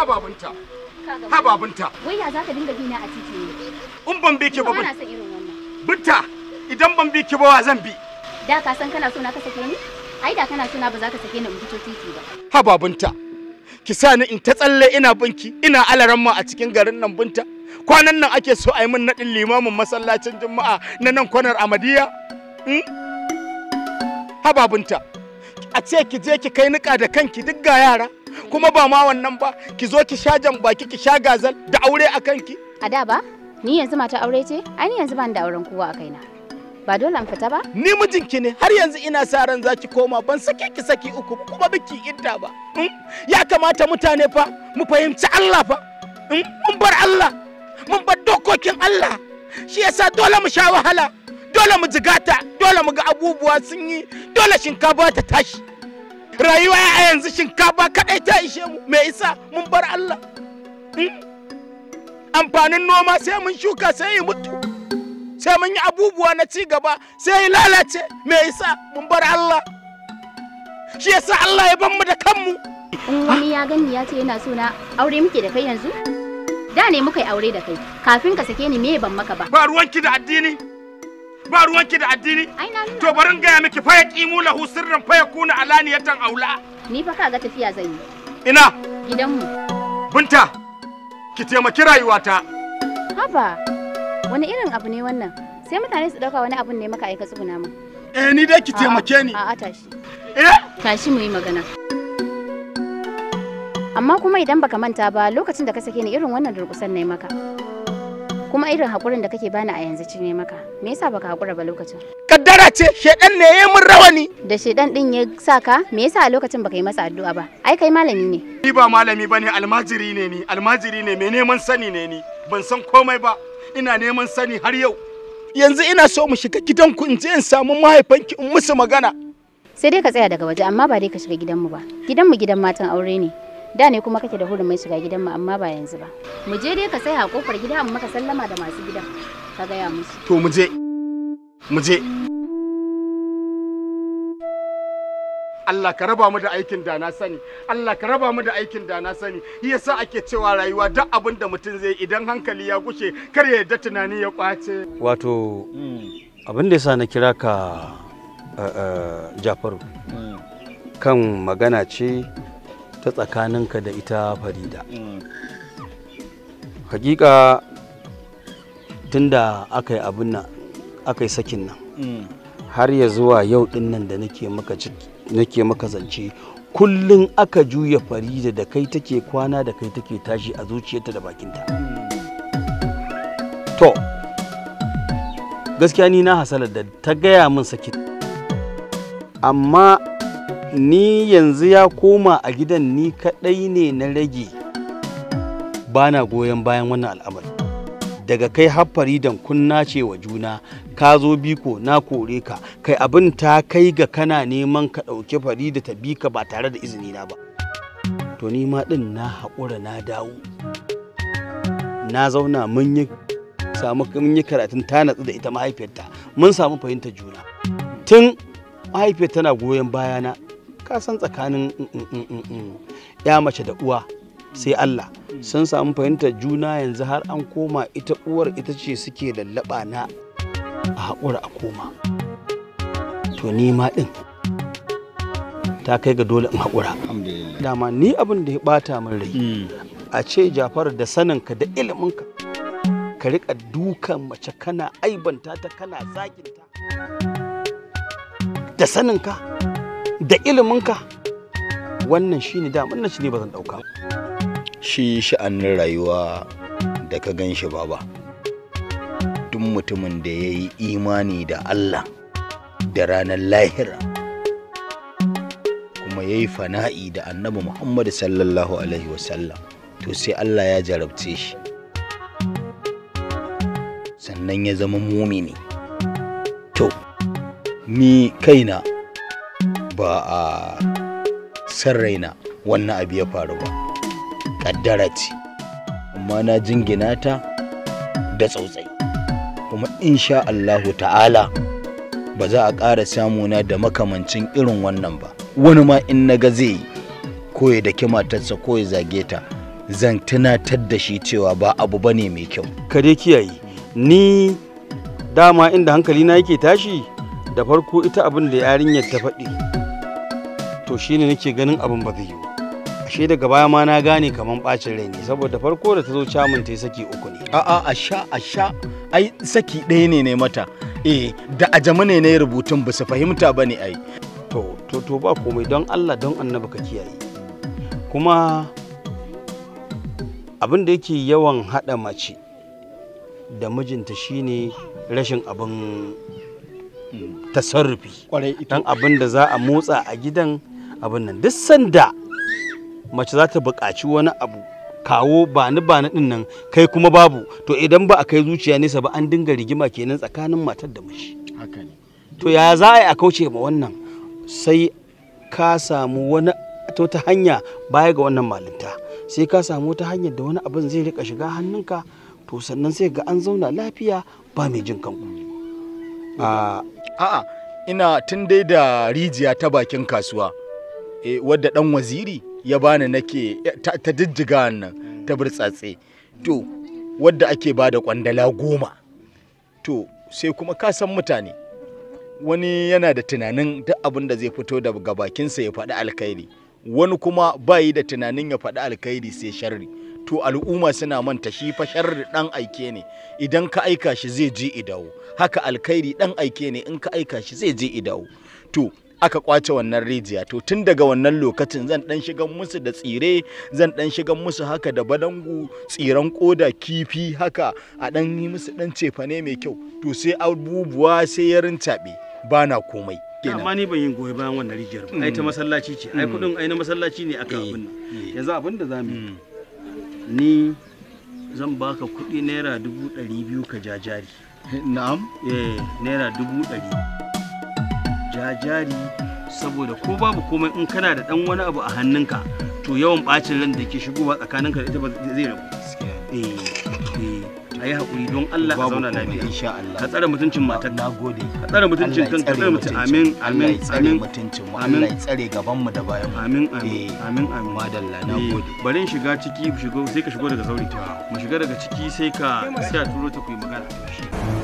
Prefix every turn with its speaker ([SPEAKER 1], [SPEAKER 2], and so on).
[SPEAKER 1] hababinta
[SPEAKER 2] hababinta wai ya zaka dinga bina a titi ne
[SPEAKER 1] in ban bi ki ba ban na
[SPEAKER 2] irin wannan
[SPEAKER 1] binta idan ban bi ki ba wa zan bi
[SPEAKER 2] da ka san kana so na ka sake ni ai da kana so na ba za ka sake ni in fito titi ba
[SPEAKER 1] hababinta ki sa ni in ta tsalle ina binki ina alaran ma a cikin garin nan binta kwanan nan ake so a yi min naɗin limamin masallacin juma'a na nan kwanar amadiya hmm? hababinta a ce ki je ki kai niƙa da kanki duk ga yara kuma ba ma wannan ba ki zo ki sha jan baki ki sha gazal da aure a kanki
[SPEAKER 2] a da ba ni yanzu mata aure ce ai ni yanzu ban da auren kowa a
[SPEAKER 1] kaina ba dole an fita ba ni mijinki ne har yanzu ina sa ran zaki koma ban sake ki saki uku kuma biki idda ba hmm? ya kamata mutane fa mu fahimci Allah fa hmm? mun bar Allah mun bar dokokin Allah shi yasa dole mu sha wahala dole mu jigata dole mu ga abubuwa sun yi dole shinkafa ta tashi rayuwa a yanzu shinkafa kaɗai ta ishe mu mai isa mun bar Allah hmm? amfanin noma sai mun shuka sai yi mutu sai mun yi abubuwa na ci gaba sai yi lalace mai isa mun bar Allah shi yasa Allah ya ban mu da kanmu
[SPEAKER 2] in wani ya gani ya ce yana so na aure muke da kai yanzu da ne muka yi aure da kai kafin ka sake ni me ban maka ba
[SPEAKER 1] ba ruwanki da addini ba ruwanki da addini to barin gaya miki fa ya kimu lahu sirran fa yakuna alaniyatan aula
[SPEAKER 2] ni fa kaga tafiya zan
[SPEAKER 1] yi ina gidanmu binta ki taimaki rayuwata
[SPEAKER 2] haba wani irin abu ne wannan sai mutane su dauka wani abun ne maka aika tsuguna mu eh ni dai ki taimake ni a'a tashi eh tashi mu yi magana amma kuma idan baka manta ba lokacin da ka sake ni irin wannan durkusan ne maka kuma irin hakurin da kake bani a yanzu cinye maka me yasa baka hakura ba lokacin kaddara ce shedan ne ya min rawani da shedan din ya saka me yasa a lokacin baka yi masa addu'a ba ai kai malami ne
[SPEAKER 1] ni ba malami bane almajiri ne ni almajiri ne mai neman sani ne ni ban san komai ba ina neman sani har yau yanzu ina so mu shiga gidanku in je in samu mahaifanki in musu magana sai dai ka tsaya daga waje amma
[SPEAKER 2] ba dai ka shiga mu ba gidanmu gidan matan aure ne da ne kuma kake da siga shiga mu amma ba yanzu ba mu je dai ka saya a kofar gida amma ka sallama da masu gidan ka gaya musu
[SPEAKER 1] to mu je mu je Allah ka raba mu da aikin da na sani Allah ka raba mu da aikin da na sani yasa ake cewa rayuwa duk abin da mutum zai idan hankali ya gushe kar ya yarda tunani ya kwace wato abin da yasa na kira ka eh, eh, Jafaru hmm. kan magana ce ta tsakaninka da ita farida mm. hakika tunda aka yi abin nan aka yi sakin nan mm. har ya zuwa yau din nan da nake maka zance kullum aka juya farida da kai take kwana da kai take tashi a zuciyarta da bakinta mm. to gaskiya ni na hasalar da ta gaya min sakin amma ni yanzu ya koma a gidan ni kaɗai ne na rage ba na goyon bayan wannan al'amari daga kai haffari don kunna ce wa juna ka zo biko na kore ka kai abin ta kai ga kana neman ka ɗauki fari da ta bi ka ba tare da izini na ba to ni ma ɗin na haƙura na dawo na zauna mun yi samu mun yi karatun ta natsu da ita mahaifiyarta mun samu fahimtar juna tun mahaifiyar tana goyon bayana ka san tsakanin mm, mm, mm, ya mace da uwa sai Allah sun samu fahimtar juna yanzu har an koma ita uwar ita ce suke lallaba na a haƙura a koma to ni ma ɗin ta kai ga dole in haƙura dama ni abin da ya ɓata min rai hmm. a ce jafar da saninka da iliminka ka riƙa dukan mace kana aibanta ta kana zaginta da saninka da iliminka wannan shi ne damar shi ne ba zan ɗauka shi sha'anin rayuwa da ka gan shi baba duk mutumin da ya yi imani da Allah da ranar lahira kuma ya yi fana'i da annabi Muhammad sallallahu alaihi wasallam to sai Allah ya jarabce shi sannan ya zama mumini to ni kaina ba a san raina wannan abu ya faru ba ƙaddara ce amma na jingina ta da tsautsai kuma insha Allahu ta'ala ba za a ƙara samuna da makamancin irin wannan ba wani ma in na ga zai yi ko ya daki matarsa ko zage ta zan tunatar da shi cewa ba abu ba ne mai kyau Kare kiyaye ni dama inda hankali na yake tashi da farko ita abin da yarinyar ta faɗi to shine nake ganin abin ba zai yi ashe daga baya ma na gane kaman bacin rai ne saboda farko da ta zo camun ta yi saki uku ne a'a a sha a sha ai saki ɗaya ne ne mata eh da ajama ne ne rubutun ba su fahimta ba ne ai to to to ba komai don Allah don annabi ka kiyaye kuma abin da yake yawan haɗa mace da mijinta shine rashin abin hmm. tasarrufi dan abin da za a motsa a gidan abin nan duk sanda mace za ta buƙaci wani abu kawo ba ni ba din nan kai kuma babu to idan ba a kai zuciya nesa ba an dinga rigima kenan tsakanin matar da mashi haka ne to ya za a yi a kauce ma wannan sai ka samu wani to ta hanya baya ga wannan malinta sai ka samu ta hanyar da wani abin zai rika shiga hannunka to sannan sai ga an zauna lafiya ba mai jin kanku a'a ina tun dai da rijiya ta bakin kasuwa Eh, wadda dan waziri ya bani nake eh, ta jijjiga nan ta burtsatse to wadda ake da kwandala goma to sai kuma ka san mutane wani yana da tunanin duk abin da zai fito daga bakinsa ya faɗi alkhairi wani kuma bayi da tunanin ya faɗi alkhairi sai sharri to al'umma suna manta shi fa sharri dan aike ne idan ka aika shi zai je idawo haka alkhairi dan aike ne in ka aika shi zai je idawo to aka kwace wannan rijiya to tun daga wannan lokacin zan dan shigan musu da tsire zan dan shigan musu haka da badangu, tsiran koda kifi haka a dan yi musu dan cefane mai kyau to sai abubuwa sai ya rintaɓe ba na komai amma ni ban yi goyi bayan wannan rijiyar ba ai ta mm. masallaci ce ai mm. kudin ai na masallaci ne aka eh. abin eh. yanzu abin da zamu yi mm. ni zan baka kuɗi naira dubu ɗari biyu ka jajari na'am eh naira dubu ɗari ja jari saboda ko babu komai in kana da dan wani abu a hannunka to yawan bacin ran da ke shigowa tsakaninka da ita ba zai rabu eh eh ayi hakuri don Allah a zauna lafiya insha Allah ka tsare mutuncin matar nagode ka tsare mutuncin kan ka tsare mutuncin amin amin amin mutuncin mu amin ya tsare gaban mu da bayan mu amin amin eh, amin amin madalla nagode eh, bari shiga ciki shigo sai ka shigo daga zauri mu shiga daga ciki sai ka sai a turo ta ku yi magana